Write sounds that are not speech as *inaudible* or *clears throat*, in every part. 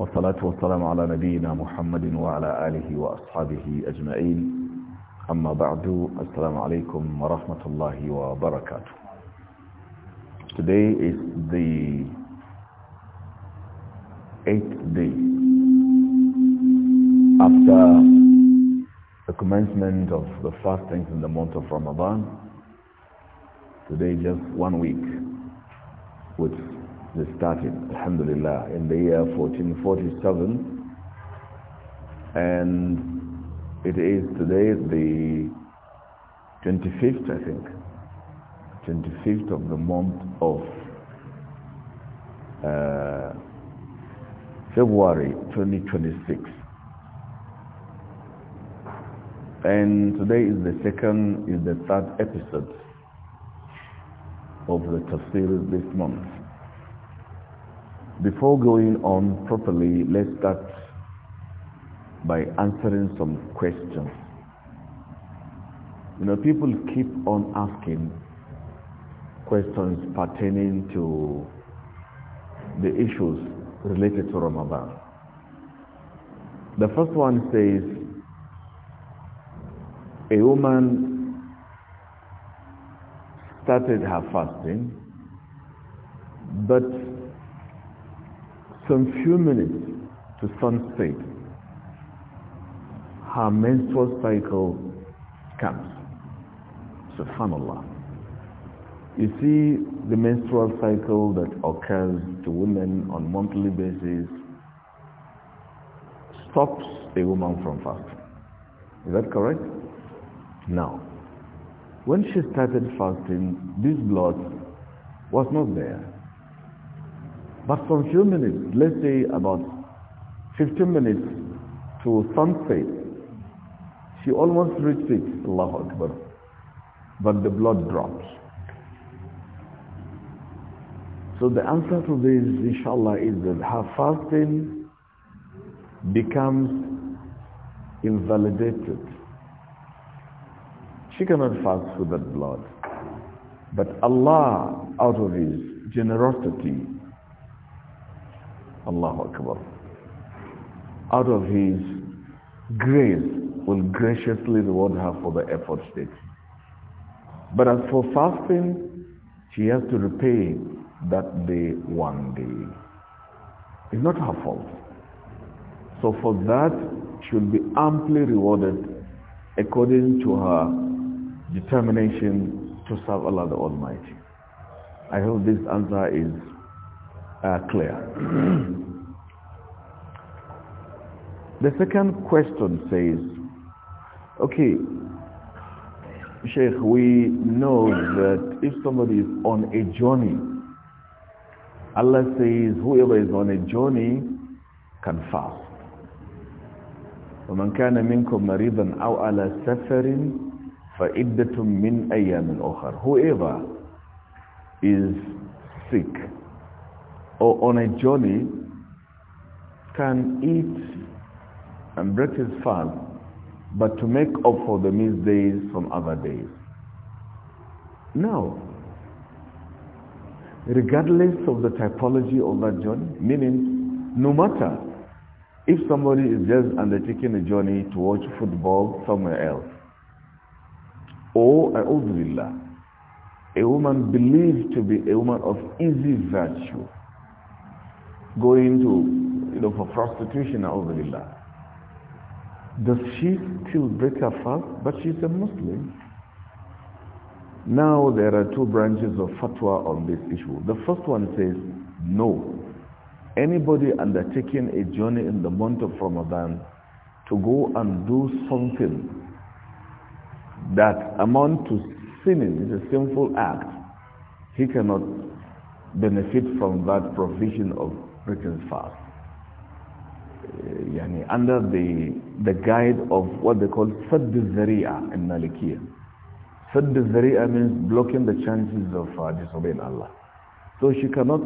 والصلاة والسلام على نبينا محمد وعلى آله وأصحابه أجمعين أما بعد السلام عليكم ورحمة الله وبركاته Today is the eighth day after the commencement of the fastings in the month of Ramadan. Today just one week with they started, alhamdulillah, in the year 1447. And it is today the 25th, I think, 25th of the month of uh, February 2026. And today is the second, is the third episode of the Tafsir this month. Before going on properly, let's start by answering some questions. You know, people keep on asking questions pertaining to the issues related to Ramadan. The first one says, a woman started her fasting, but some few minutes to sunset, her menstrual cycle comes. Subhanallah. You see the menstrual cycle that occurs to women on monthly basis stops a woman from fasting. Is that correct? Now, when she started fasting, this blood was not there. But for a few minutes, let's say about 15 minutes to sunset, she almost reached it, Allahu Akbar. But the blood drops. So the answer to this, inshallah, is that her fasting becomes invalidated. She cannot fast with that blood. But Allah, out of His generosity, Allahu Akbar. Out of his grace will graciously reward her for the effort stage. But as for fasting, she has to repay that day one day. It's not her fault. So for that, she will be amply rewarded according to her determination to serve Allah the Almighty. I hope this answer is are uh, clear. *clears throat* the second question says, okay, Sheikh, we know that if somebody is on a journey, Allah says whoever is on a journey can fast. ومن كان منكم مريضا أو على سفر فعدة من أيام أخر whoever is sick or on a journey can eat and break his fast, but to make up for the missed days from other days. Now, Regardless of the typology of that journey, meaning no matter if somebody is just undertaking a journey to watch football somewhere else, or a woman believed to be a woman of easy virtue, going to, you know, for prostitution, Alhamdulillah. Does she still break her fast? But she's a Muslim. Now there are two branches of fatwa on this issue. The first one says, no. Anybody undertaking a journey in the month of Ramadan to go and do something that amount to sinning, is a sinful act, he cannot benefit from that provision of written fast. Yani under the, the guide of what they call Sadd al-Zari'a in Malikiya. Sadd al-Zari'a means blocking the chances of uh, disobeying Allah. So she cannot,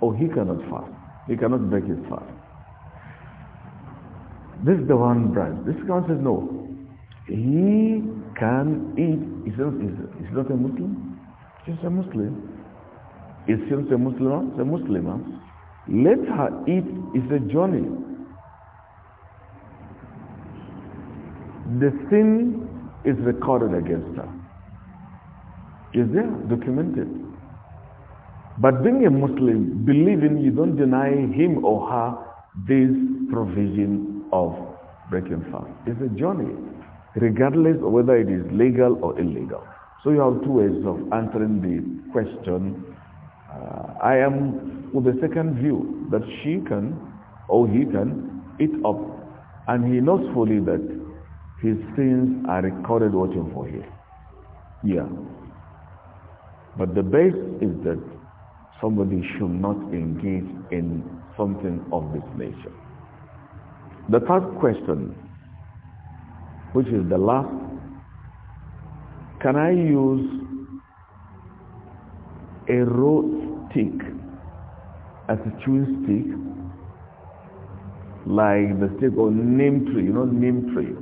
or he cannot fast. He cannot break his fast. This is the one branch. This one says no. He can eat. He's not, he's, not a Muslim. He's a Muslim. He's just a Muslim? She's a Muslim. Let her eat is a journey. The sin is recorded against her. Is there, documented. But being a Muslim, believing you don't deny him or her this provision of breaking fast. It's a journey, regardless of whether it is legal or illegal. So you have two ways of answering the question. Uh, I am with the second view that she can or he can eat up and he knows fully that his sins are recorded waiting for him. Yeah. But the base is that somebody should not engage in something of this nature. The third question, which is the last, can I use a road stick as a chewing stick, like the stick of neem tree, you know neem tree.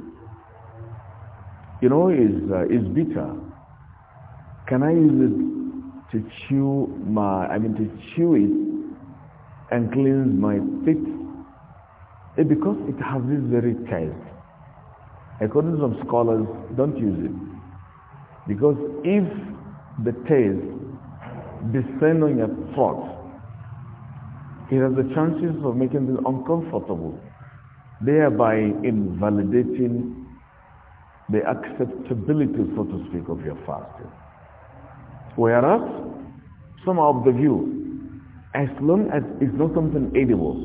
You know, is uh, is bitter. Can I use it to chew my, I mean to chew it and cleanse my teeth? Eh, it, because it has this very taste. According to some scholars, don't use it. Because if the taste descends on your throat, he has the chances of making them uncomfortable, thereby invalidating the acceptability, so to speak, of your fasting. Whereas, some of the view, as long as it's not something edible,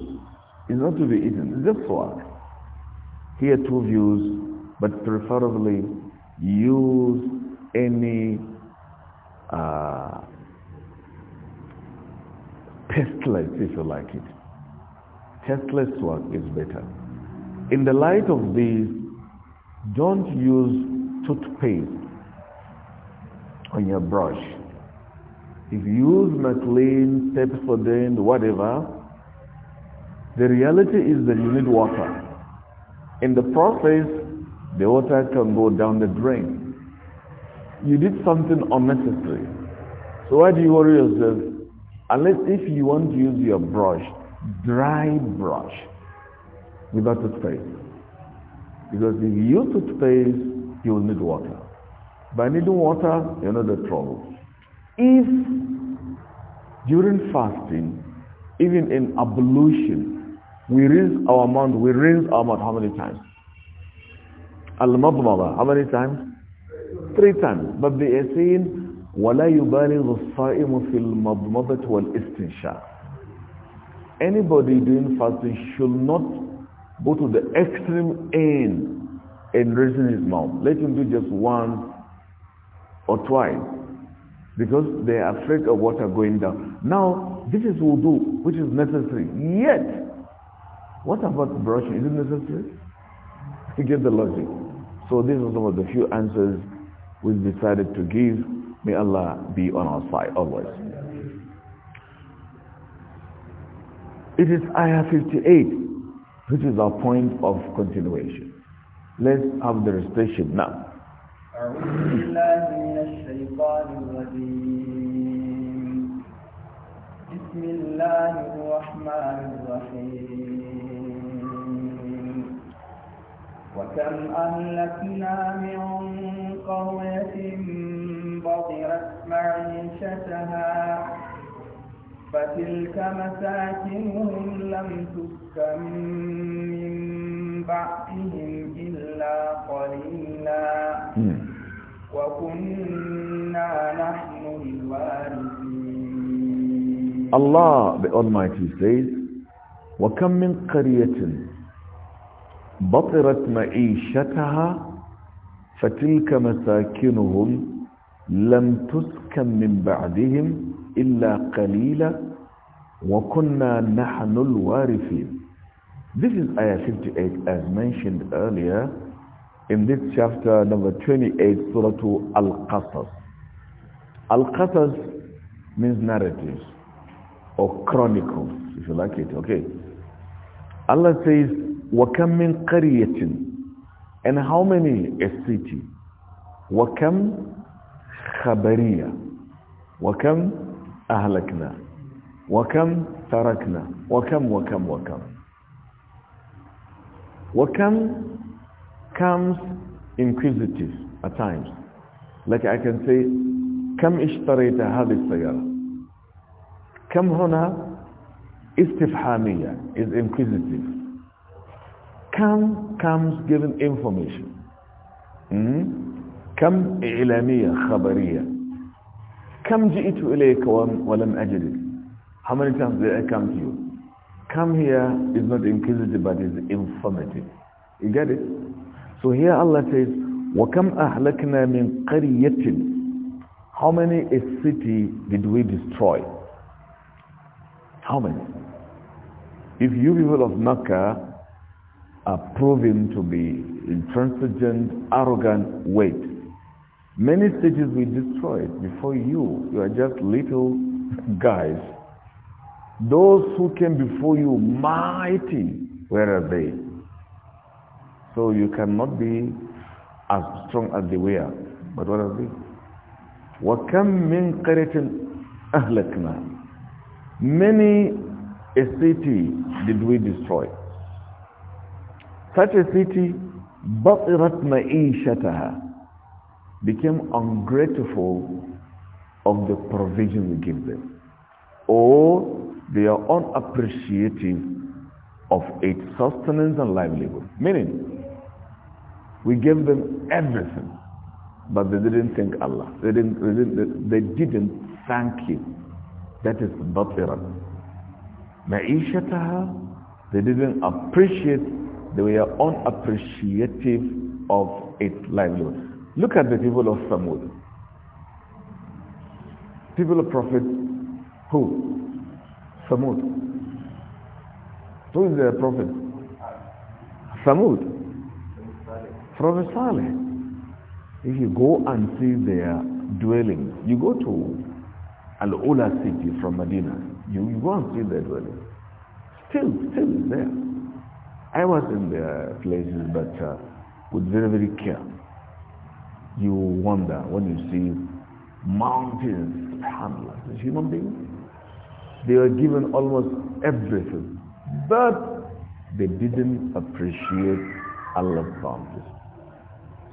it's not to be eaten, it's just work. Here two views, but preferably use any uh, tasteless if you like it. Tasteless work is better. In the light of this, don't use toothpaste on your brush. If you use McLean, Pepsodent, whatever, the reality is that you need water. In the process, the water can go down the drain. You did something unnecessary. So why do you worry yourself? Unless if you want to use your brush, dry brush, without toothpaste. Because if you use toothpaste, you will need water. By needing water, you know the trouble. If during fasting, even in ablution, we rinse our mouth, we rinse our mouth how many times? al how many times? Three times. But they are saying Anybody doing fasting should not go to the extreme end and raising his mouth. Let him do just once or twice because they are afraid of water going down. Now, this is wudu, which is necessary. Yet, what about brushing? Is it necessary? Forget *laughs* get the logic. So these are some of the few answers we decided to give. May Allah be on our side always. It is ayah 58, which is our point of continuation. Let's have the recitation now. بسم الله الرحمن الرحيم وكم أهلكنا من قرية بطرت معيشتها فتلك مساكنهم لم تسكن من بعدهم إلا قليلا وكنا نحن الوارثين الله the Almighty says وكم من قرية بطرت معيشتها فتلك مساكنهم لم تسكن من بعدهم إلا قليلا وكنا نحن الوارثين This is Ayah 58 as mentioned earlier in this chapter number 28 Surah Al-Qasas. Al-Qasas means narratives or chronicles if you like it okay Allah says وَكَمْ مِنْ قَرْيَةٍ and how many a city وَكَمْ خبرية وكم أهلكنا وكم تركنا وكم وكم وكم وكم comes inquisitive at times like I can say كم اشتريت هذه السيارة كم هنا استفحامية is inquisitive كم comes given information mm -hmm. كم إعلامية خبرية كم جئت إليك ولم How many times did I come to you? Come here is not inquisitive but is informative. You get it? So here Allah says, وَكَمْ أَحْلَكْنَا مِنْ قَرْيَةٍ How many a city did we destroy? How many? If you people of Makkah are proven to be intransigent, arrogant, wait. Many cities we destroyed before you. You are just little *laughs* guys. Those who came before you, mighty, where are they? So you cannot be as strong as they were. But what are they? وَكَمْ مِنْ قَرَةٍ أَهْلَكْنَا Many a city did we destroy. Such a city, بَطِرَتْ مَئِيشَتَهَا became ungrateful of the provision we give them or they are unappreciative of its sustenance and livelihood meaning we gave them everything but they didn't thank Allah they didn't they didn't, they didn't thank him that is batira ma'ishataha they didn't appreciate they were unappreciative of its livelihood Look at the people of Samud. People of Prophet who? Samud. Who is the prophet? Samud. Prophet Saleh. If you go and see their dwelling, you go to Al-Ula city from Medina, you, you go and see their dwelling. Still, still there. I was in their places, but uh, with very, very care you wonder when you see mountains, subhanAllah, The human beings. They were given almost everything, but they didn't appreciate Allah's bounty.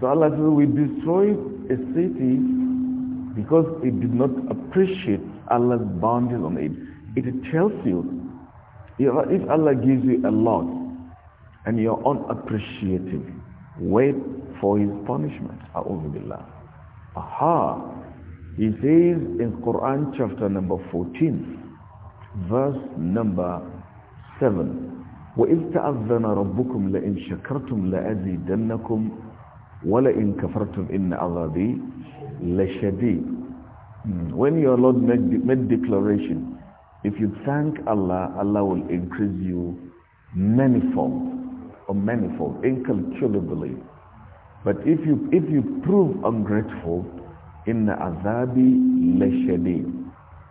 So Allah says, we destroyed a city because it did not appreciate Allah's bounty on it. It tells you, if Allah gives you a lot and you're unappreciative, wait for his punishment. A'udhu Aha! He says in Quran chapter number 14, verse number 7, وَإِذْ تَأَذَّنَ رَبُّكُمْ لَإِنْ شَكَرْتُمْ لَأَزِيدَنَّكُمْ وَلَإِنْ كَفَرْتُمْ إِنَّ عَذَابِي لَشَدِيدٌ When your Lord made, made declaration, if you thank Allah, Allah will increase you manifold or manifold, incalculably. But if you, if you prove ungrateful, in the azabi leshadid,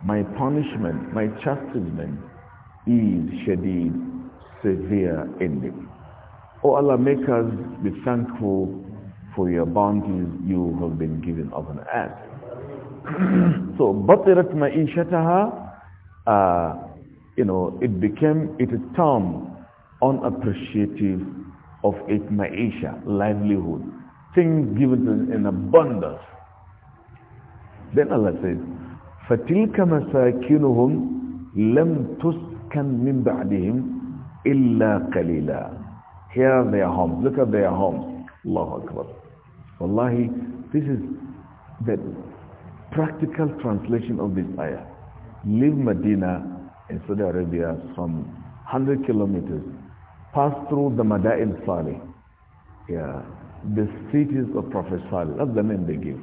My punishment, my chastisement is shadid, severe ending. Oh Allah, make us be thankful for your bounties you have been given an us. *clears throat* so, batirat ma'ishataha, uh, you know, it became, it term unappreciative of its ma'isha, livelihood things given in, in abundance. Then Allah says, فَتِلْكَ مَسَاكِنُهُمْ لَمْ تُسْكَنْ مِنْ بَعْدِهِمْ إِلَّا قَلِيلًا Here are their homes. Look at their homes. Allahu Akbar. Wallahi, this is the practical translation of this ayah. Leave Medina in Saudi Arabia some 100 kilometers. Pass through the Mada'il Salih. Yeah, the cities of Prophet Salih. That's the name they give.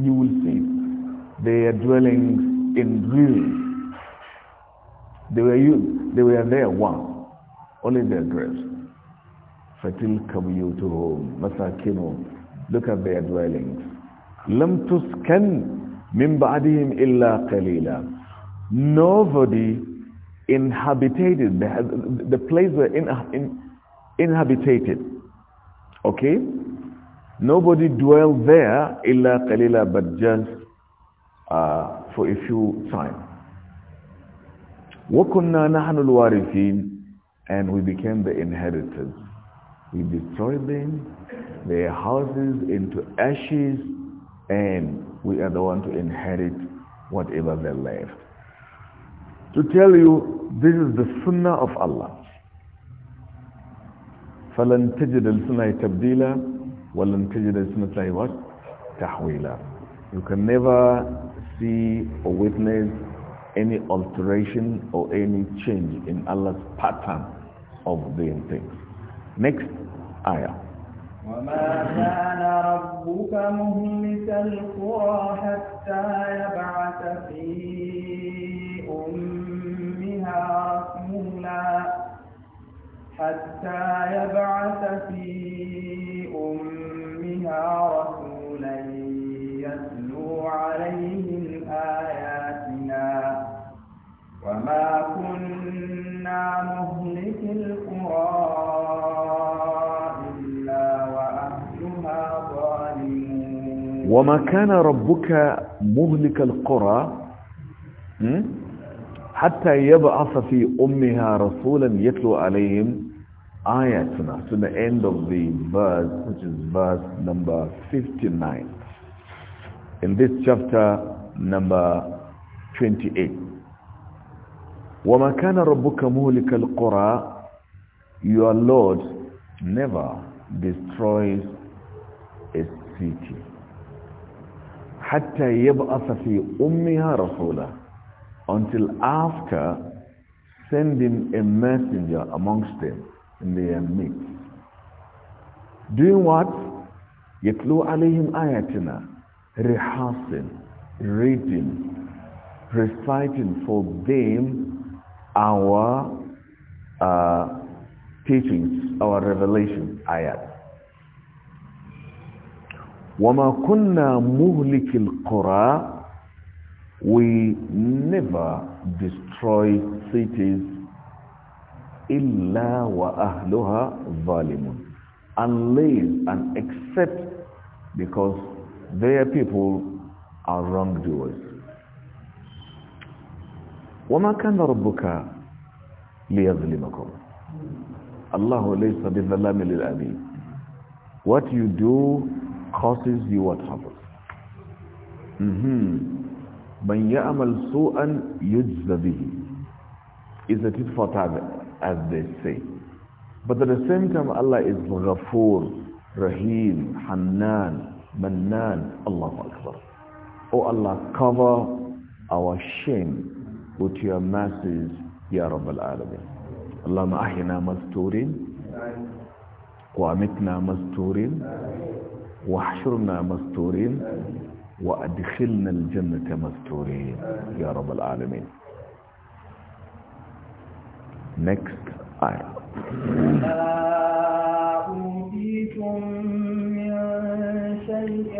You will see their dwellings in ruins. They were you. they were there once, only their graves. to بُيُوتُهُمْ مَسَاكِنُهُمْ Look at their dwellings. لَمْ tuskan min بَعْدِهِمْ illa qalila. Nobody inhabited the, the place where in, in, inhabited Okay? Nobody dwell there, illa qalila, but just uh, for a few time. وَكُنَّا نَحْنُ الْوَارِثِينَ And we became the inheritors. We destroyed them, their houses into ashes, and we are the one to inherit whatever they left. To tell you, this is the sunnah of Allah. فلن تجد لسنة تبديلا ولن تجد لسنة what? تحويلا you can never see or witness any alteration or any change in Allah's pattern of doing things next ayah وما كان ربك مهلك القرى حتى يبعث في أمها رسولا حتى يبعث في أمها رسولا يتلو عليهم آياتنا وما كنا مهلك القرى إلا وأهلها ظالمون وما كان ربك مهلك القرى حتى يبعث في أمها رسولا يتلو عليهم آياتنا to the end of the verse which is verse number 59 in this chapter number 28 وَمَا كَانَ رَبُّكَ مُهْلِكَ الْقُرَى Your Lord never destroys a city حَتَّى يَبْعَثَ فِي أُمِّهَا رَسُولًا until after sending a messenger amongst them in their midst. Doing what? يَتْلُو alayhim ayatina, Rehearsing, reading, reciting for them our uh, teachings, our revelation, ayat. وَمَا كُنَّا مُهْلِكِ الْقُرَىٰ we never destroy cities illa wa ahluha zalimun unless and except because their people are wrongdoers. وَمَا كَانَ رَبُّكَ لِيَظْلِمَكُمْ اللَّهُ لَيْسَ بِظَلَامِ لِلْأَبِينَ What you do causes you what happens. Mm من يعمل سوءا يجزى به is a tit for tat as they say but at the same time Allah is Ghafoor Rahim Hannan Mannan Allahu Akbar Oh Allah cover our shame with your mercies Ya Rabbal Alamin اللهم أحينا مستورين وأمتنا مستورين واحشرنا مستورين وأدخلنا الجنة مستورين يا رب العالمين next آية أوتيتم من شيء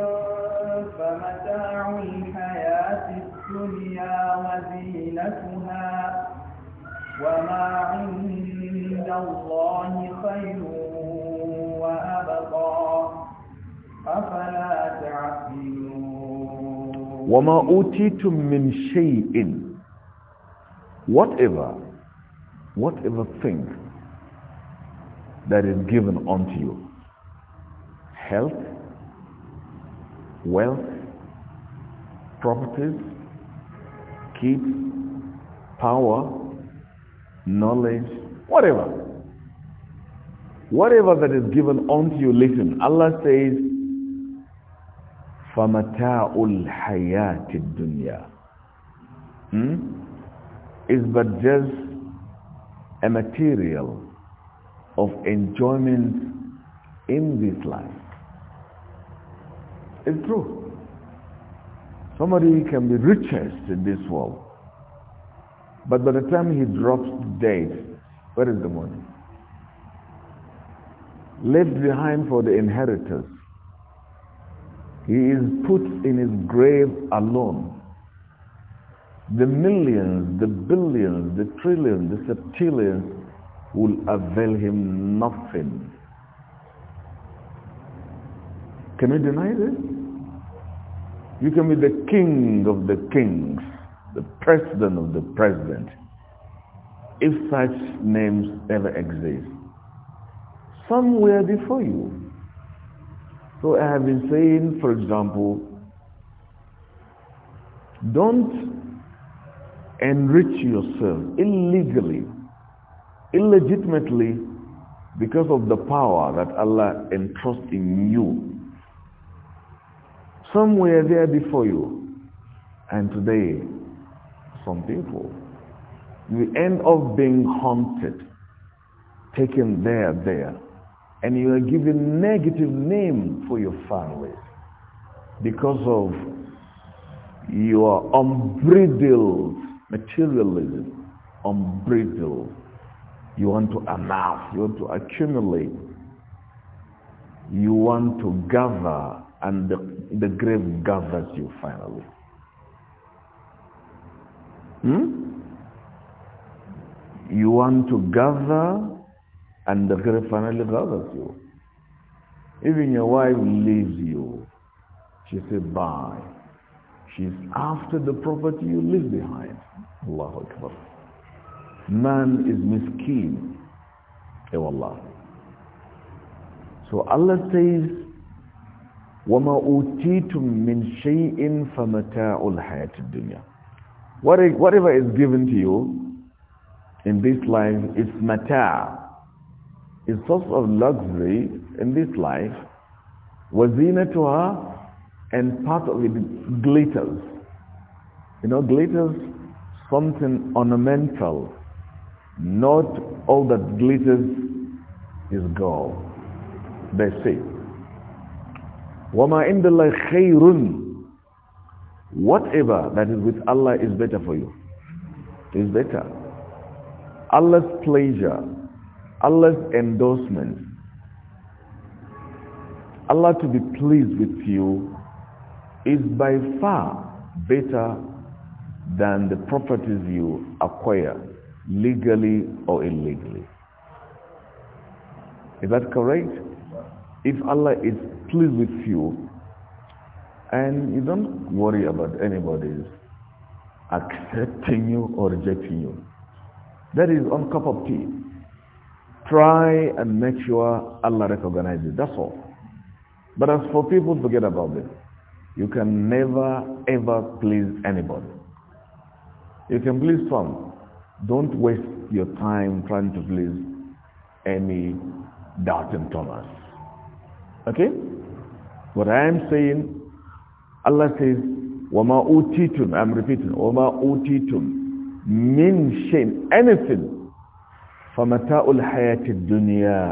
فمتاع الحياة الدنيا وزينتها وما عند الله خير وأبقى أفلا تعقلون وَمَا أُوتِيتُم مِّن شَيْءٍ Whatever, whatever thing that is given unto you, health, wealth, properties, keep, power, knowledge, whatever. Whatever that is given unto you, listen. Allah says, famata'ul hayatid dunya hmm? is but just a material of enjoyment in this life. It's true. Somebody can be richest in this world. But by the time he drops dead, where is the money? Left behind for the inheritors. He is put in his grave alone. The millions, the billions, the trillions, the septillions will avail him nothing. Can you deny this? You can be the king of the kings, the president of the president, if such names ever exist. Somewhere before you, so I have been saying, for example, don't enrich yourself illegally, illegitimately, because of the power that Allah entrusts in you. Somewhere there before you, and today, some people, you end up being haunted, taken there, there and you are given negative name for your family because of your unbridled materialism, unbridled. You want to amass, you want to accumulate, you want to gather, and the, the grave gathers you finally. Hmm? You want to gather, and the girl finally gathers you. Even your wife leaves you. She said bye. She's after the property you leave behind. Allahu Akbar. Man is miskeen. Eh, Allah. So Allah says, وَمَا أُوتِيتُم مِّن شَيْءٍ فَمَتَاعُ الْحَيَاةِ الدُّنْيَا Whatever is given to you in this life is mata', a source of luxury in this life, her, and part of it glitters. You know, glitters, something ornamental. Not all that glitters is gold. They say, وَمَا عِنْدَ اللَّهِ خَيْرٌ Whatever that is with Allah is better for you. Is better. Allah's pleasure Allah's endorsement. Allah to be pleased with you is by far better than the properties you acquire, legally or illegally. Is that correct? If Allah is pleased with you, and you don't worry about anybody's accepting you or rejecting you, that is on cup of tea. Try and make sure Allah recognizes it. That's all. But as for people, forget about this. You can never, ever please anybody. You can please some. Don't waste your time trying to please any doubting Thomas. Okay? What I am saying, Allah says, وَمَا أُوتِيتُمْ I'm repeating, وَمَا أُوتِيتُمْ مِنْ شَيْءٍ Anything فَمَتَاءُ dunya, الدُّنْيَا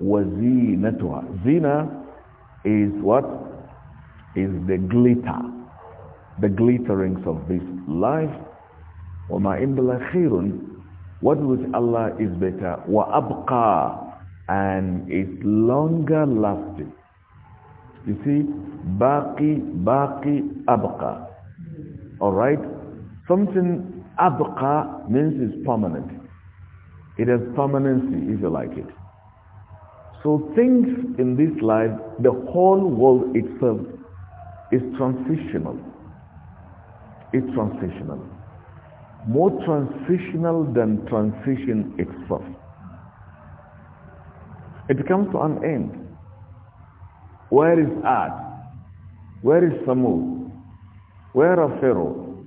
وَزِينَتُهَا Zina is what? Is the glitter. The glitterings of this life. Or my اللَّهِ خِيرٌ What with Allah is better. wa abqa And is longer lasting. You see, baqi, baqi, abqa. Alright? Something abqa means is permanent. It has permanency, if you like it. So things in this life, the whole world itself is transitional. It's transitional. More transitional than transition itself. It comes to an end. Where is Ad? Where is Samud? Where are Pharaoh?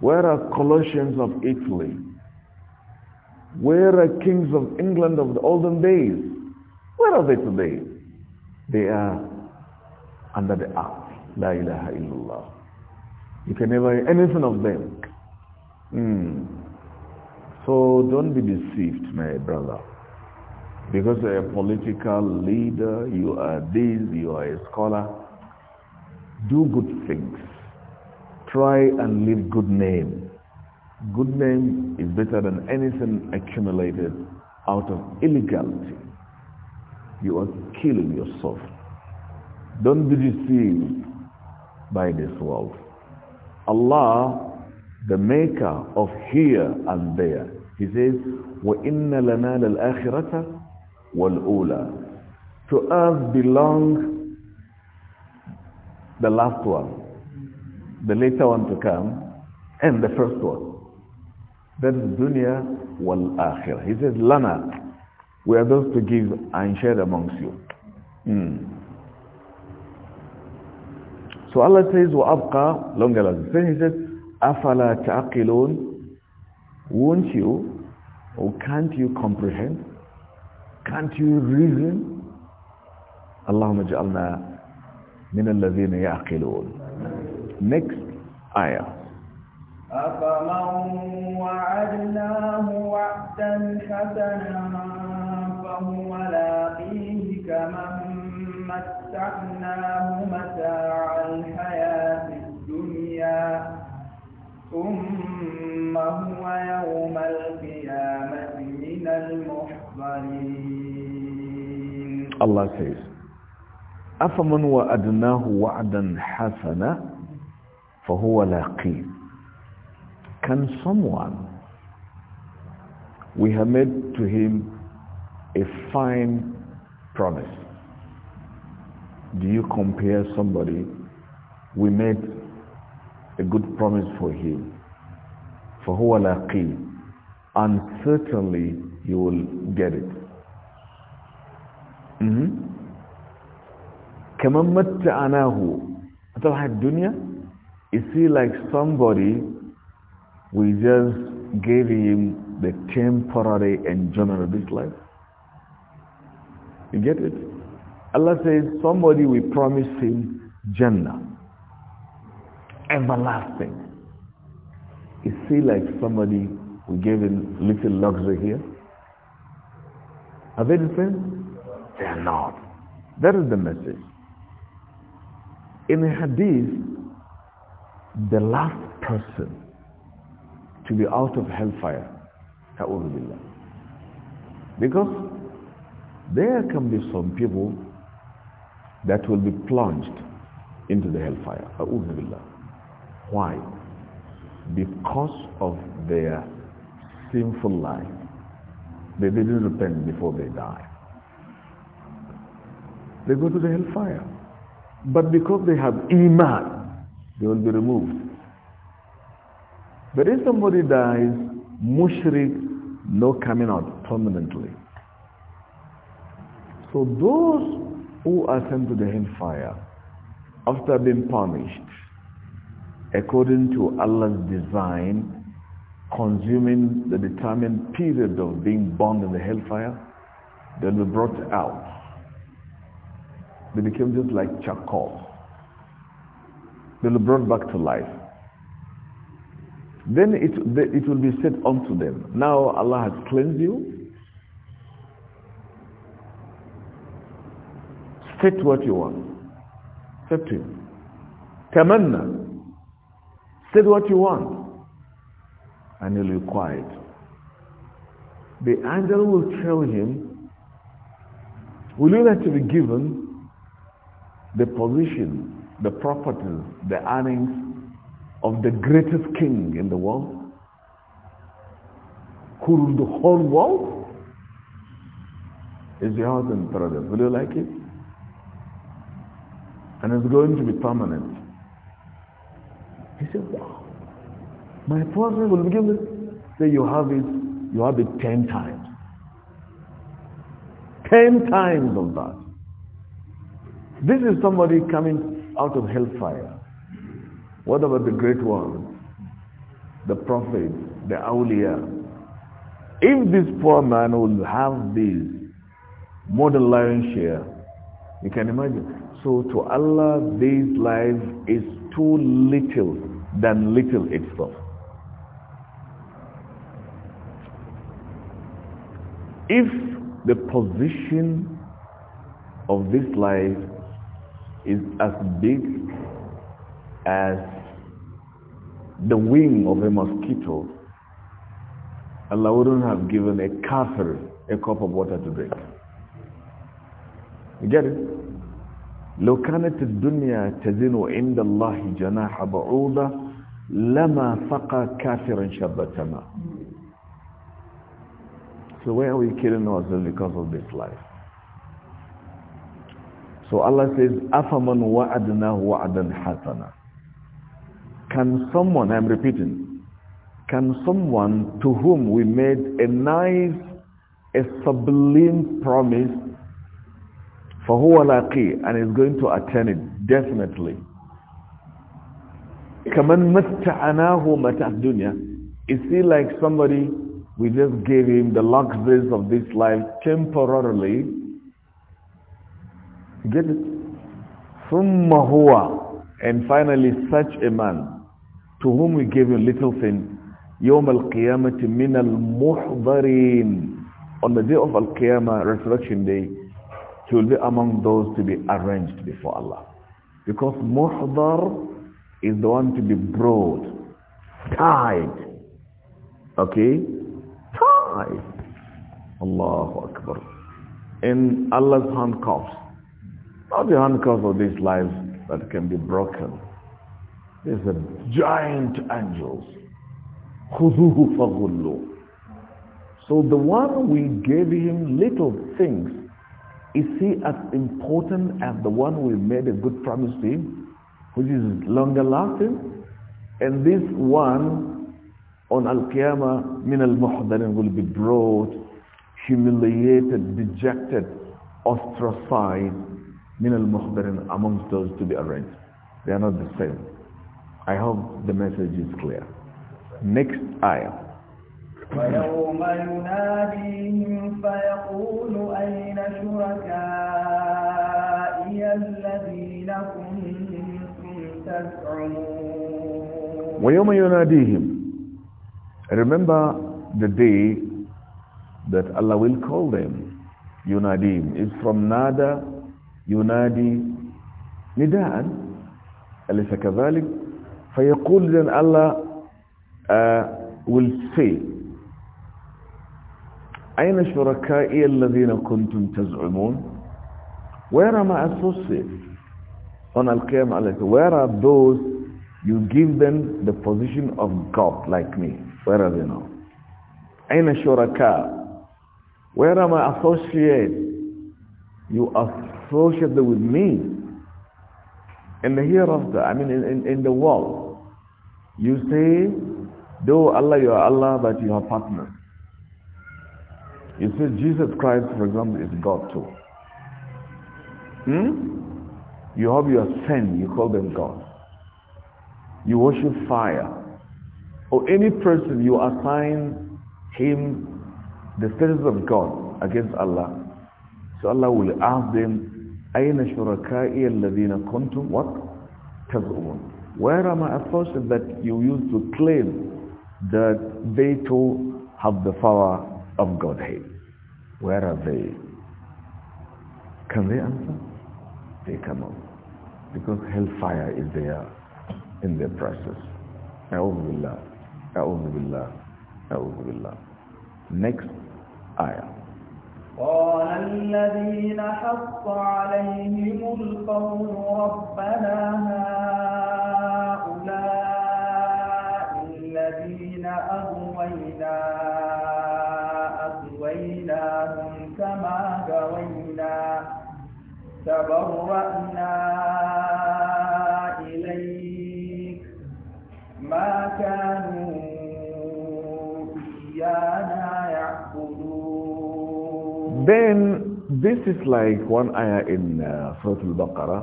Where are Colossians of Italy? Where are kings of England of the olden days? Where are they today? They are under the earth. La ilaha illallah. You can never hear anything of them. Mm. So don't be deceived, my brother. Because you are a political leader, you are this, you are a scholar. Do good things. Try and leave good name. Good name is better than anything accumulated out of illegality. You are killing yourself. Don't be deceived by this world. Allah, the maker of here and there, He says, وَإِنَّ لَنَا لَلْآخِرَةَ وَالْأُولَى To us belong the last one, the later one to come, and the first one. Then dunya wal akhirah. He says, lana, we are those to give and share amongst you. Hmm. So Allah says, "Wa وَأَبْقَى لَنْغَلَزِ Then he says, أَفَلَا تَعْقِلُونَ Won't you, or can't you comprehend? Can't you reason? Allahumma اجعلنا min الذين يعقلون Next ayah. أفمن وعدناه وعدا حسنا فهو لاقيه كمن متعناه متاع الحياة الدنيا ثم هو يوم القيامة من المحضرين الله says أفمن وعدناه وعدا حسنا فهو لاقيه Can someone we have made to him a fine promise. Do you compare somebody we made a good promise for him? For who laqi, and certainly you will get it. Mm-hmm. كَمَنْ مَتَّعَنَاهُ أَتَوْحَى الدُّنْيَا Is he like somebody we just gave him the temporary enjoyment of this life. You get it? Allah says somebody we promise him Jannah, everlasting. You see like somebody we gave him little luxury here. Are they the They are not. That is the message. In the hadith, the last person to be out of hellfire. Because there can be some people that will be plunged into the hellfire. Why? Because of their sinful life. They didn't repent before they die. They go to the hellfire. But because they have iman, they will be removed but if somebody dies, mushrik, no coming out permanently. So those who are sent to the hellfire after being punished according to Allah's design, consuming the determined period of being burned in the hellfire, then were brought out. They became just like charcoal. They were brought back to life then it, it will be said unto them, now Allah has cleansed you. State what you want. Said to him. Tamanna. Said what you want. And he'll be quiet. The angel will tell him, will you like to be given the position, the properties, the earnings, of the greatest king in the world who ruled the whole world is yours and brothers. Will you like it? And it's going to be permanent. He said, wow. My father will be given. say you have it, you have it ten times. Ten times of that. This is somebody coming out of hellfire. What about the great ones? The prophets, the awliya. If this poor man will have this modern lion share, you can imagine. So to Allah, this life is too little than little itself. If the position of this life is as big as the wing of a mosquito, Allah wouldn't have given a kafir a cup of water to drink. You get it? لو كانت الدنيا تزن عند الله جناح بعوضة لما سقى كافرا شبتما So why are we killing ourselves because of this life? So Allah says, أَفَمَنْ وَعَدْنَاهُ وَعْدًا حَسَنًا can someone, I'm repeating, can someone to whom we made a nice, a sublime promise, for who لَقِي and is going to attain it, definitely. كَمَنْ مَتَّعَنَاهُ مَتَعْ الدُّنْيَا Is he like somebody, we just gave him the luxuries of this life temporarily. Get it? ثُمَّ هُوَ And finally such a man, to whom we give a little thing يوم القيامة من on the day of Al-Qiyamah, resurrection day, he will be among those to be arranged before Allah. Because muhdar is the one to be brought, tied. Okay? Tied. Allahu Akbar. In Allah's handcuffs. Not the handcuffs of these lives that can be broken. There's a giant angels. خُذُوهُ فَغُلُّوا So the one we gave him little things, is he as important as the one we made a good promise to him, which is longer lasting? And this one on Al-Qiyamah, min al-muhdarin, will be brought, humiliated, dejected, ostracized, min al-muhdarin, amongst those to be arranged. They are not the same. I hope the message is clear. Next ayah. ويوم يناديهم فيقول أين شركائي الذين كنتم تزعمون ويوم يناديهم Remember the day that Allah will call them. Yunadim is from nada, yunadi, Nidan, أليس كذلك؟ فيقول then الله uh, will say أين شركائي الذين كنتم تزعمون where are my associates on Al-Qiyam where are those you give them the position of God like me where are they now أين شركاء where are my associates you associate them with me in the hereafter, I mean in, in, in the world. You say, though Allah, you are Allah, but you are partners. You say Jesus Christ, for example, is God too. Hmm? You have your sin, you call them God. You worship fire. Or any person, you assign him the status of God against Allah. So Allah will ask them أين شركائي الذين كنتم what تزعمون where are my associates that you used to claim that they too have the power of Godhead where are they can they answer they cannot because hellfire is there in their process. أعوذ بالله أعوذ بالله أعوذ بالله next ayah قال الذين حق عليهم القول ربنا هؤلاء الذين أغوينا أغويناهم كما غوينا تبرأنا إليك ما كانوا then this is like one ayah in uh, Surah Al-Baqarah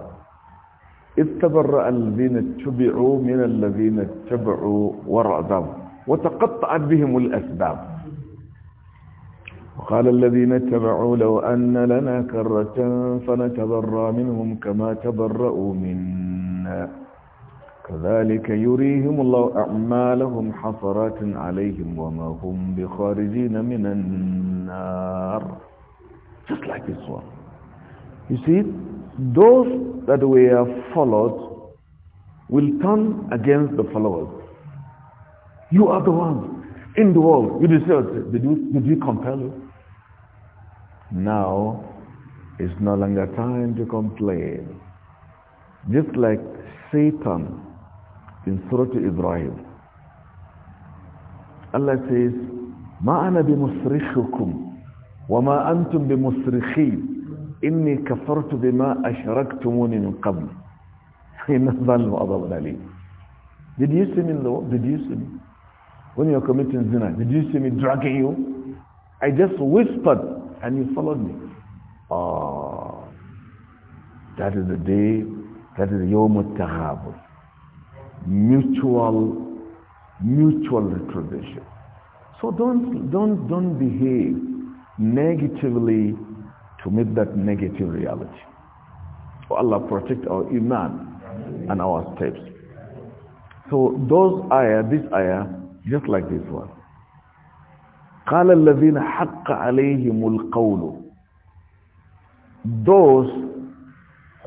إذ تبرأ الذين اتبعوا من الذين اتبعوا ورأذوا وتقطعت بهم الأسباب وقال الذين اتبعوا لو أن لنا كرة فنتبرأ منهم كما تبرأوا منا كذلك يريهم الله أعمالهم حصرات عليهم وما هم بخارجين من النار Just like this one. You see, those that were followed will turn against the followers. You are the ones in the world. You deserve Did you, did you compel you? Now, it's no longer time to complain. Just like Satan in Surah Ibrahim. Allah says, ما أنا بمصرخكم وما أنتم بمصرخي إني كفرت بما أشركتموني من قبل *laughs* إن الظلم أضل علي Did you see me in the world? Did you see me? When you're committing zina, did you see me dragging you? I just whispered and you followed me. Oh, that is the day, that is Yom Tahabur. Mutual, mutual retribution. So don't, don't, don't behave negatively to meet that negative reality. So Allah protect our iman and our steps. So those ayah, this ayah, just like this one. قال الذين حق عليهم القول Those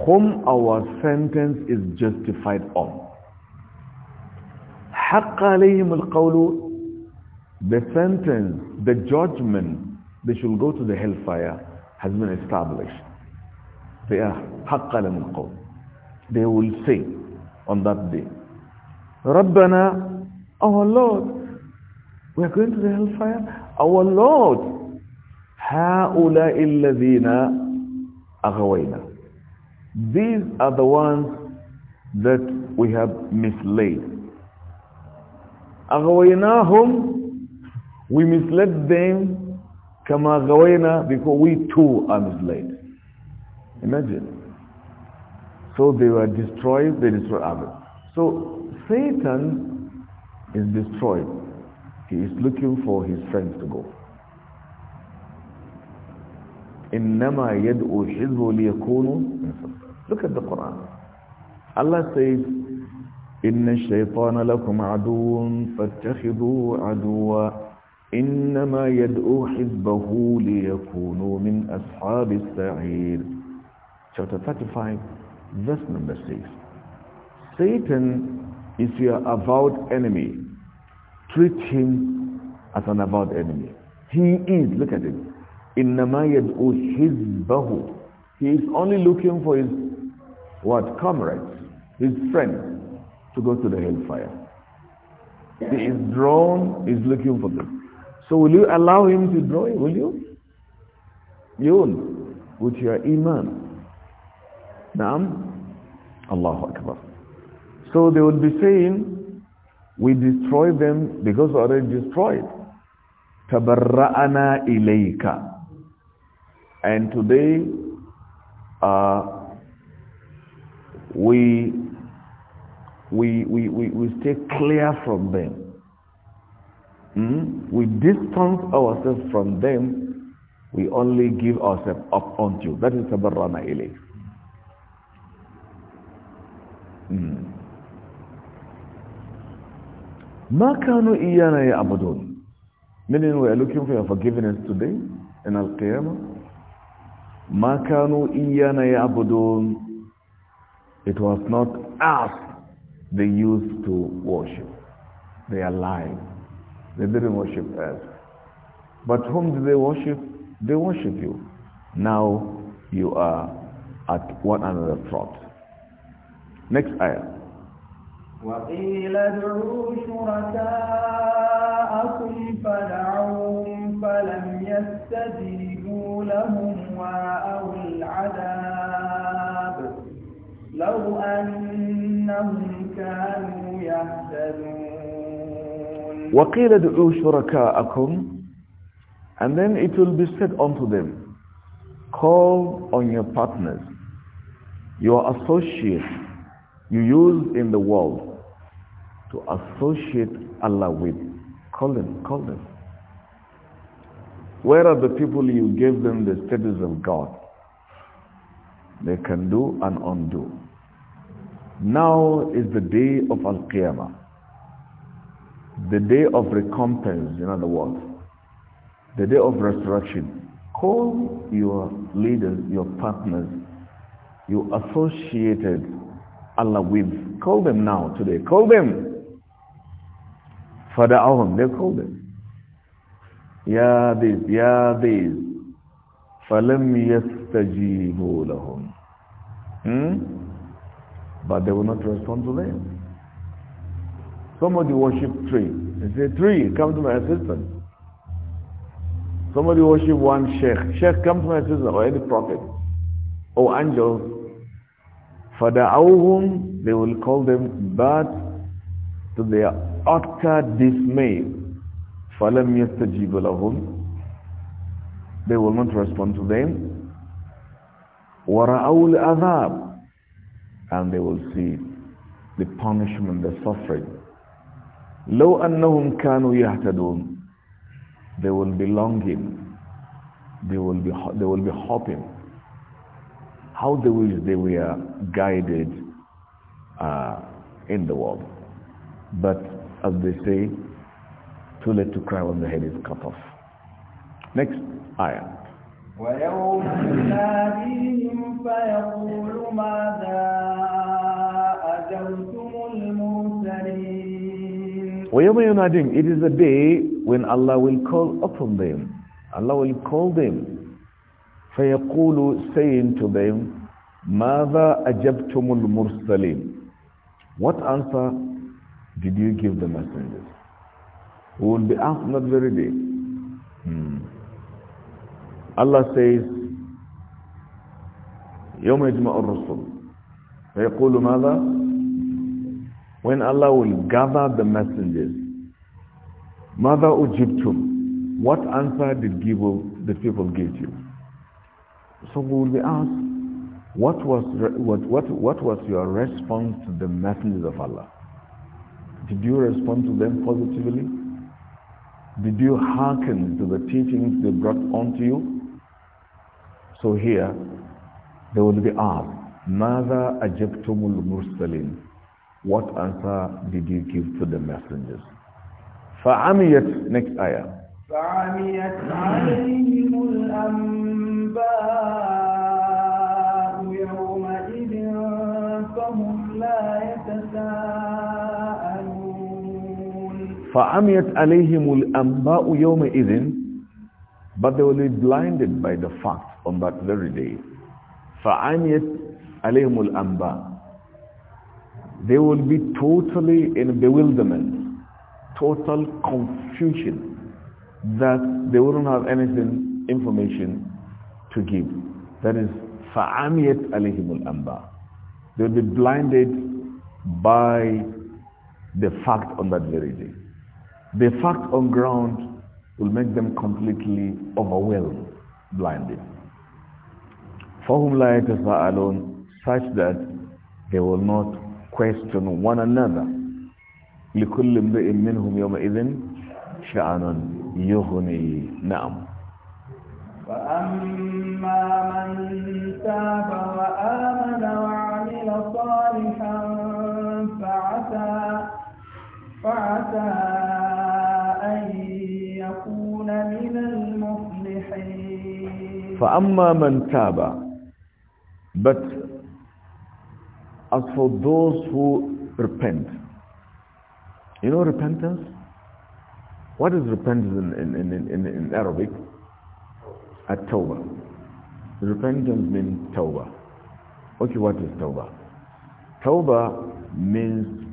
whom our sentence is justified on. حق عليهم القول The sentence, the judgment they shall go to the hellfire has been established. They are حَقَّ لَمُ They will say on that day, رَبَّنَا Our Lord, we are going to the hellfire. Our Lord, هَؤُلَاءِ الَّذِينَ أَغَوَيْنَا These are the ones that we have misled. أَغَوَيْنَاهُمْ We misled them Kama because we too are misled. Imagine. So they were destroyed, they destroyed others. So Satan is destroyed. He is looking for his friends to go. إنما يدعو حزبه ليكونوا Look at the Quran. Allah says, "Inna الشيطان lakum عدو فاتخذوا عدوا إنما يدعو حزبه ليكونوا من أصحاب السعير chapter 35 verse number 6 Satan is your avowed enemy treat him as an avowed enemy he is look at it إنما يدعو حزبه he is only looking for his what comrades his friends to go to the hellfire he is drawn is looking for them so will you allow him to draw it? Will you? You with your iman. Naam? Allahu Akbar. So they would be saying, we destroy them because we already destroyed. Tabarra'ana ilayka. And today, uh, we, we, we, we, we stay clear from them. Hmm? We distance ourselves from them. We only give ourselves up unto. That is tabarrana ilayk. Hmm. ما كانوا إيانا abudun. meaning we are looking for your forgiveness today in Al-Qiyamah ما كانوا إيانا abudun. it was not us they used to worship they are lying they didn't worship us. But whom did they worship? They worship you. Now you are at one another fraught. Next ayah. وقيل ادعوا شركاءكم فدعوهم فلم يستجيبوا لهم ورأوا العذاب لو أنهم كانوا يهتدون وَقِيلَ دُعُوا شُرَكَاءَكُمْ And then it will be said unto them, call on your partners, your associates you use in the world to associate Allah with. Call them, call them. Where are the people you gave them the status of God? They can do and undo. Now is the day of Al-Qiyamah the day of recompense, in other words, the day of resurrection, call your leaders, your partners, you associated Allah with. Call them now today. Call them. Father Aum, they call them. Ya this, ya this. فَلَمْ يَسْتَجِيبُوا لَهُمْ But they will not respond to them. Somebody worship three. He said, three, come to my assistance. Somebody worship one sheikh. Sheikh, come to my assistance, or any prophet, or angels. فَدَعَوْهُمْ They will call them, bad to their utter dismay, فَلَمْ يَسْتَجِيبُ لَهُمْ They will not respond to them. وَرَأَوْا الْأَذَابِ And they will see the punishment, the suffering. لو أنهم كانوا يهتدون they will be longing they will be they will be hoping how they wish they were guided uh, in the world but as they say too late to cry when the head is cut off next ayah ويوم فيقول ماذا وَيَوْمَ It is a day when Allah will call upon them. Allah will call them. فَيَقُولُ saying to them, مَاذَا أَجَبْتُمُ الْمُرْسَلِينَ What answer did you give the messengers? Who will be asked that very day. Hmm. Allah says, يوم يجمع الرسل فيقول ماذا when Allah will gather the messengers. Mother Ujibtum, what answer did the people give you? So we will be asked, what was, what, what, what was your response to the messengers of Allah? Did you respond to them positively? Did you hearken to the teachings they brought onto you? So here, they will be asked, mother أجبتم المرسلين what answer did you give to the messengers? فَعَمِيَتْ Next ayah. فَعَمِيَتْ عَلَيْهِمُ الْأَنْبَاءُ يَوْمَئِذٍ فَهُمْ لَا يَتَسَاءَلُونَ فَعَمِيَتْ عَلَيْهِمُ الْأَنْبَاءُ يَوْمَئِذٍ But they will be blinded by the facts on that very day. فَعَمِيَتْ عَلَيْهِمُ الْأَنْبَاءُ they will be totally in bewilderment, total confusion, that they wouldn't have anything, information to give. That is, فَعَمِيَتْ amba. They will be blinded by the fact on that very day. The fact on ground will make them completely overwhelmed, blinded. For whom فَهُمْ لَا alone, such that they will not question one another لكل امرئ منهم يومئذ شأن يغني نعم فأما من تاب وآمن وعمل صالحا فعسى فعسى أن يكون من المفلحين فأما من تاب but as for those who repent. You know repentance? What is repentance in, in, in, in Arabic? At Tawbah. Repentance means Tawbah. Okay, what is Tawbah? Tawbah means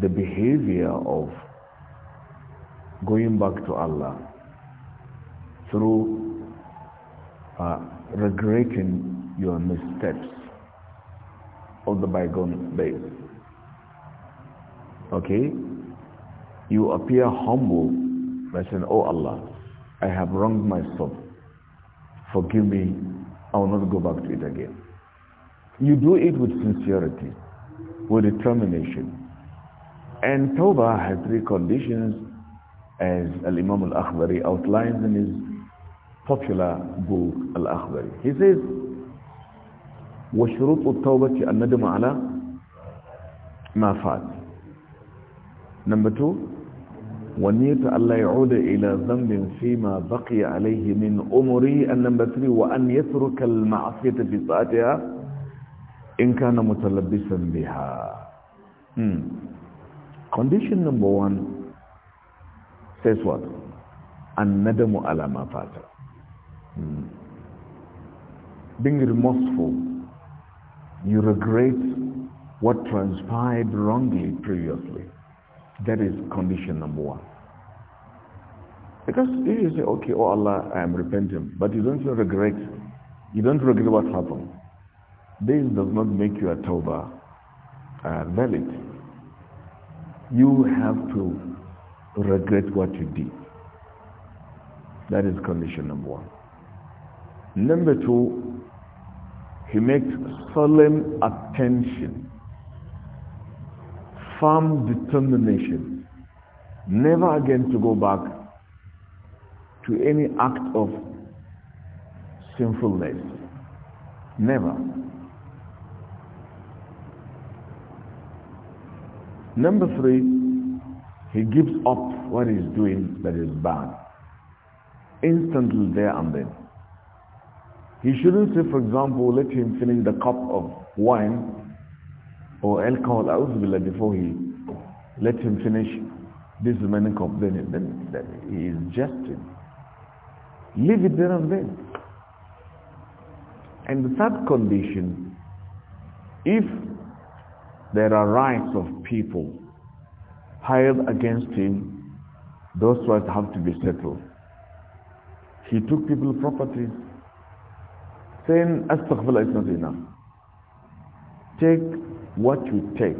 the behavior of going back to Allah through uh, regretting your missteps of the bygone days. Okay? You appear humble by saying, Oh Allah, I have wronged myself. Forgive me. I will not go back to it again. You do it with sincerity, with determination. And Tawbah has three conditions as Al-Imam Al-Akhbari outlines in his popular book Al-Akhbari. He says, وشروط التوبة الندم على ما فات نمبر 2 والنية ألا يعود إلى ذنب فيما بقي عليه من أمره النمبر 3 وأن يترك المعصية في ساعتها إن كان متلبسا بها hmm. condition number 1 says what الندم على ما فات hmm. being remorseful you regret what transpired wrongly previously. That is condition number one. Because if you say, okay, oh Allah, I am repentant, but you don't regret, you don't regret what happened, this does not make your tawbah uh, valid. You have to regret what you did. That is condition number one. Number two, he makes solemn attention, firm determination, never again to go back to any act of sinfulness. Never. Number three, he gives up what he's doing that is bad. Instantly there and then. He shouldn't say, for example, let him finish the cup of wine or alcohol before he let him finish this remaining cup. Then, then, then he is jesting. Leave it there and then. And the third condition, if there are rights of people hired against him, those rights have to be settled. He took people's properties saying astaghfirullah is not enough. Take what you take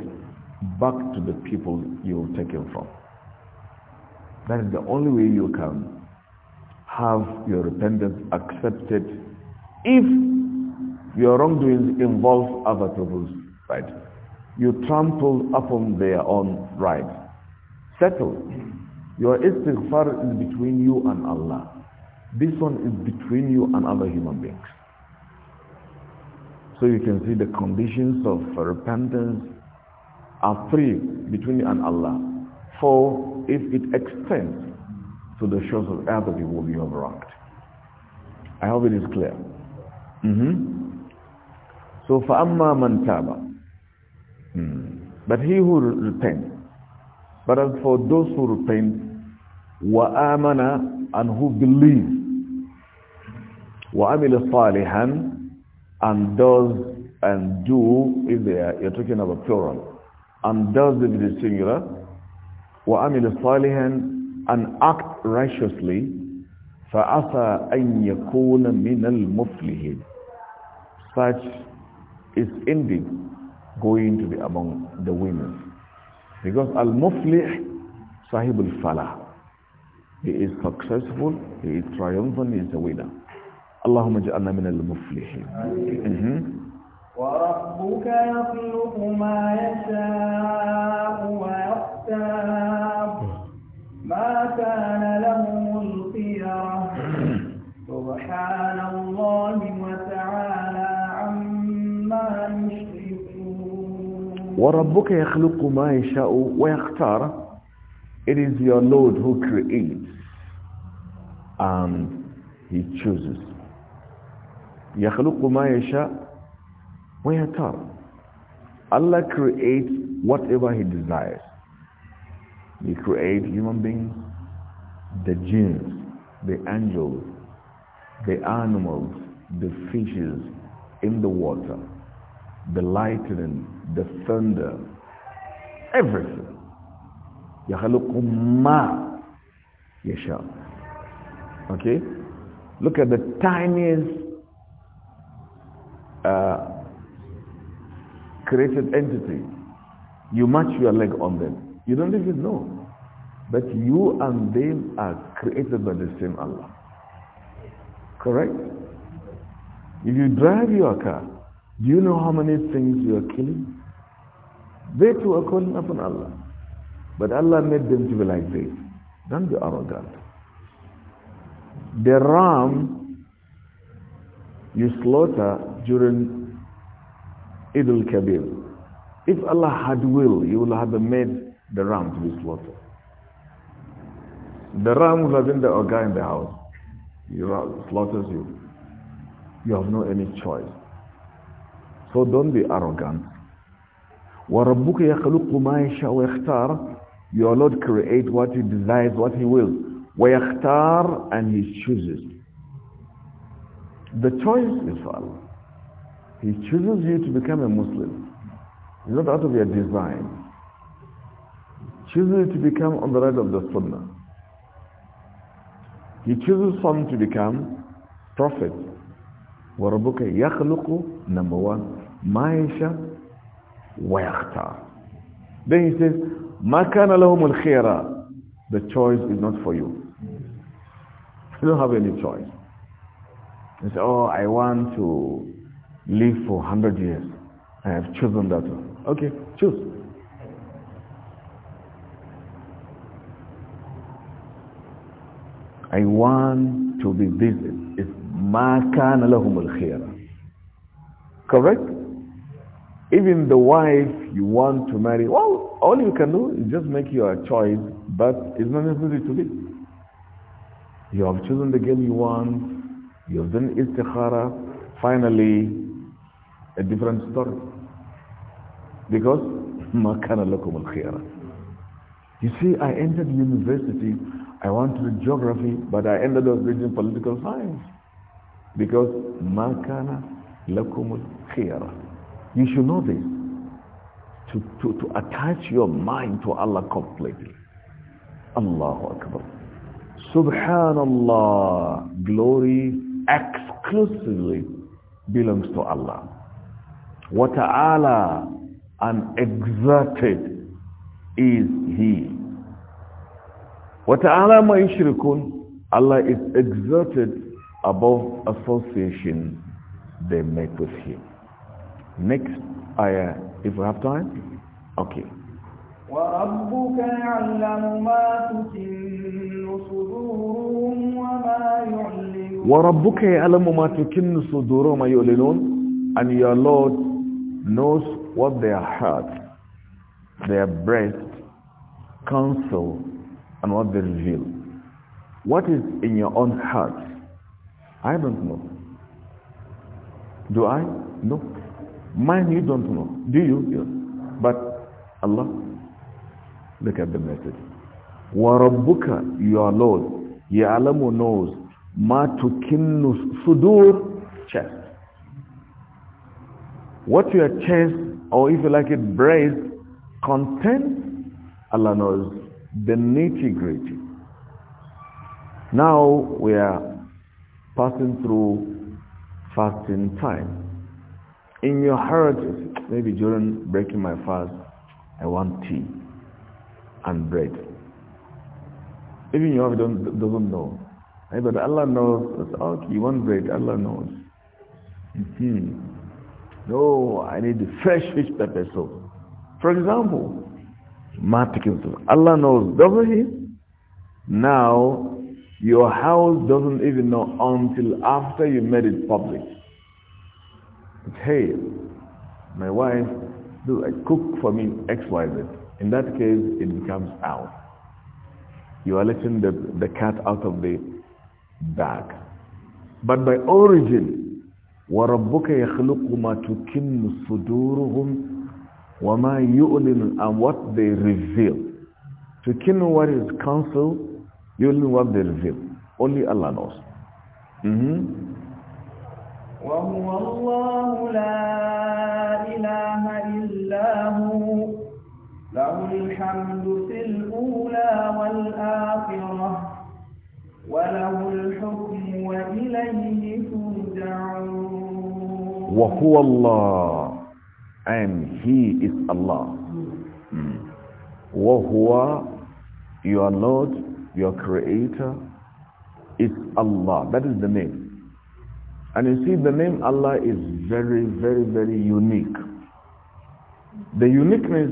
back to the people you're taken from. That is the only way you can have your repentance accepted if your wrongdoings involve other people's right. You trample upon their own rights. Settle. Your istighfar is between you and Allah. This one is between you and other human beings. So you can see the conditions of repentance are three between you and Allah. Four, if it extends to the shores of earth, it will be overwrought. I hope it is clear. Mm -hmm. So, فَأَمَّا مَنْ تَابَ hmm. But he who repents. But as for those who repent, وَآمَنَ and who believe, وَعَمِلَ صَالِحًا and does and do if they are you're talking about plural and does if it is singular وَأَمِلُ صَالِحًا and act righteously فَأَسَى أَنْ يَكُونَ مِنَ الْمُفْلِحِينَ such is indeed going to be among the winners because al-muflih sahibul falah he is successful he is triumphant he is a winner اللهم اجعلنا من المفلحين وربك يخلق ما يشاء ويختار ما كان لهم الخيرة سبحان الله وتعالى عما يشركون وربك يخلق ما يشاء ويختار It is your Lord who creates and he chooses Ma Yasha, يَشَاءُ وَيَتَارُ Allah creates whatever He desires. He creates human beings, the jinns, the angels, the animals, the fishes in the water, the lightning, the thunder, everything. يَخَلُقُ Ma Yasha. Okay? Look at the tiniest created entity, you match your leg on them. You don't even know. But you and them are created by the same Allah. Correct? If you drive your car, do you know how many things you are killing? They too are calling upon Allah. But Allah made them to be like this. Don't be arrogant. The ram you slaughter during Eid al-Kabir. If Allah had will, He would have made the ram to be slaughtered. The ram would have been the organ in the house. He slaughters you. You have no any choice. So don't be arrogant. وَرَبُّكَ يَخْلُقُ مَا يَشَاءُ وَيَخْتَارُ Your Lord creates what He desires, what He wills. وَيَخْتَارُ And He chooses. The choice is for Allah. He chooses you to become a Muslim. It's not out of your design. He chooses you to become on the right of the Sunnah. He chooses some to become prophet. وَرَبُّكَ يَخْلُقُ Number one. مَا يَشَاءُ Then he says, مَا كَانَ لَهُمُ الْخِيرَةُ The choice is not for you. You don't have any choice. He said, oh, I want to live for 100 years. I have chosen that one. Okay, choose. I want to be busy. It's ma kana lahum al Correct? Even the wife you want to marry, well, all you can do is just make your choice, but it's not necessary to be. You have chosen the girl you want, you have done istikhara, finally a different story. Because *laughs* ma kana lakum al You see, I entered university, I wanted geography, but I ended up reading political science. Because ma kana lakum al You should know this. To, to, to attach your mind to Allah completely. Allahu Akbar. Subhanallah. Glory exclusively belongs to Allah. What Allah and exerted is He. What Allah ma'ishrikun, Allah is exerted above association they make with Him. Next ayah, if we have time. Okay. وربك يعلم ما تكن صدورهم وما يعلم Warabuka يَعْلَمُ مَا تُكِنُّ صُدُورُهُمْ يُعْلِنُونَ And your Lord knows what their heart, their breast, counsel, and what they reveal. What is in your own heart? I don't know. Do I? No. Mine you don't know. Do you? Yes. But Allah, look at the message. وَرَبُّكَ Your Lord, يَعْلَمُ knows ma tukinnu sudur chest what your chest or if you like it breast contains Allah knows the nitty-gritty now we are passing through fasting time in your heart maybe during breaking my fast I want tea and bread even don't doesn't know but Allah knows. It's okay, one bread, Allah knows. Mm -hmm. No, I need fresh fish pepper soup. For example, Matikin soup. Allah knows, doesn't He? Now, your house doesn't even know until after you made it public. But hey, my wife, do I cook for me XYZ? In that case, it becomes out. You are letting the, the cat out of the back. But by origin, وَرَبُّكَ يَخْلُقُ مَا تُكِنُّ صُدُورُهُمْ وَمَا يُؤْلِنُ And what they reveal. To Tukimu what is counsel, يُؤْلِنُ what they reveal. Only Allah knows. Mm -hmm. وهو الله لا إله إلا هو له الحمد في الأولى والآخرة وله الحكم وإليه ترجعون وهو الله and he is Allah mm. وهو your Lord your creator is Allah that is the name and you see the name Allah is very very very unique the uniqueness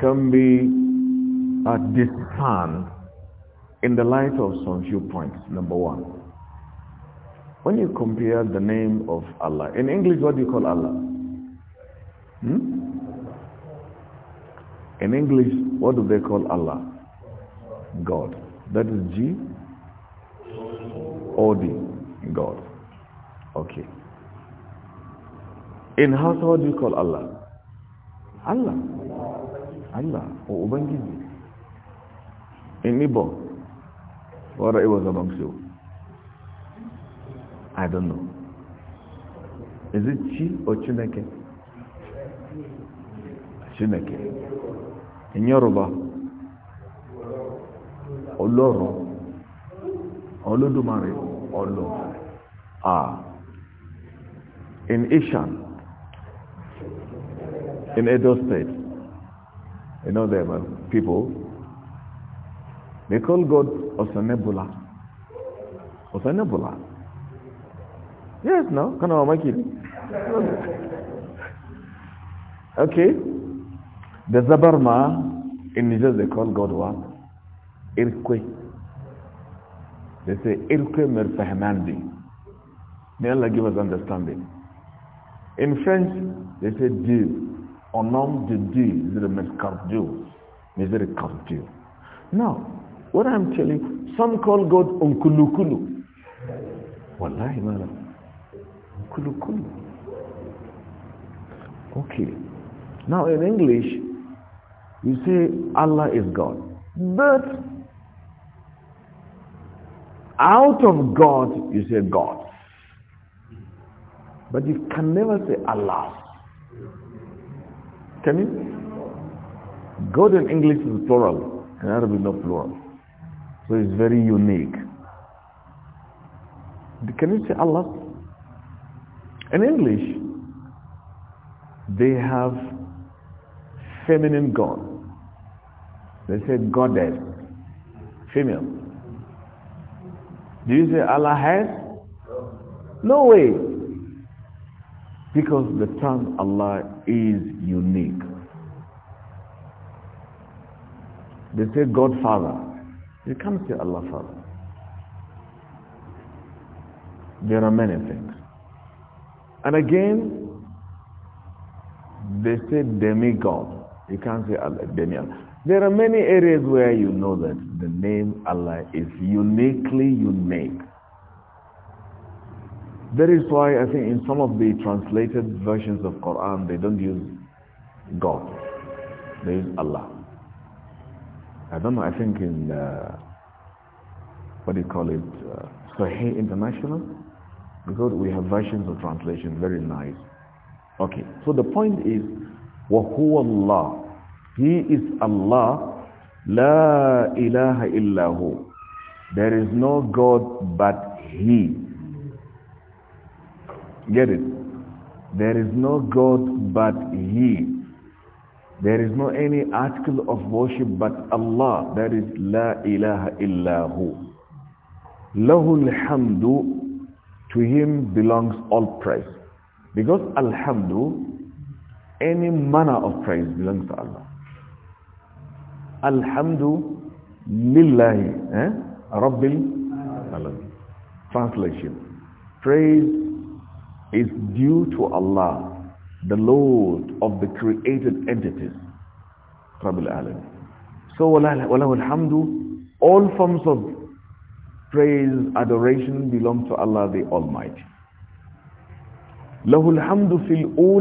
can be uh, discerned in the light of some few points. Number one, when you compare the name of Allah, in English, what do you call Allah? Hmm? In English, what do they call Allah? God. That is G O D. God. Okay. In Hausa, what do you call Allah? Allah. Allah. Or oh, Ubangiji. In Ibo. Or it was amongst you? I don't know. Is it Chi or Chineke? Chineke. In Yoruba, Oloro, Olodumare, Olo. Ah. In Ishan, in Edo State, you know, there were uh, people they call God Osanebula. Osanebula. Yes, no? make it? Okay. The Zabarma, in Niger they call God what? Irkwe. They say, Irkwe Merfahemandi. May Allah give us understanding. In French, they say Dieu. Au nom de Dieu, miséricorde Dieu. Miséricorde Dieu. Now, what I'm telling you, some call God Unkulukulu. Wallahi, madam. Unkulukulu. Okay. Now in English, you say Allah is God. But out of God, you say God. But you can never say Allah. Can you? God in English is plural, in Arabic not plural. So it's very unique. Can you say Allah? In English, they have feminine god. They say goddess, female. Do you say Allah has? No way. Because the term Allah is unique. They say Godfather. You can't to Allah first. There are many things. And again, they say demigod. You can't say Allah, demigod. There are many areas where you know that the name Allah is uniquely unique. That is why I think in some of the translated versions of Quran, they don't use God. They use Allah. I don't know, I think in, uh, what do you call it, uh, Sahih International, because we have versions of translation, very nice. Okay, so the point is, وَهُوَ Allah, He is Allah, La ilaha illahu. There is no God but He. Get it? There is no God but He. There is no any article of worship but Allah. That is La ilaha illahu. Lahul hamdu. To him belongs all praise. Because alhamdu, any manner of praise belongs to Allah. Alhamdu lillahi. Eh? Rabbil Translation. Praise is due to Allah the Lord of the created entities. So, all forms of praise, adoration belong to Allah the Almighty. fil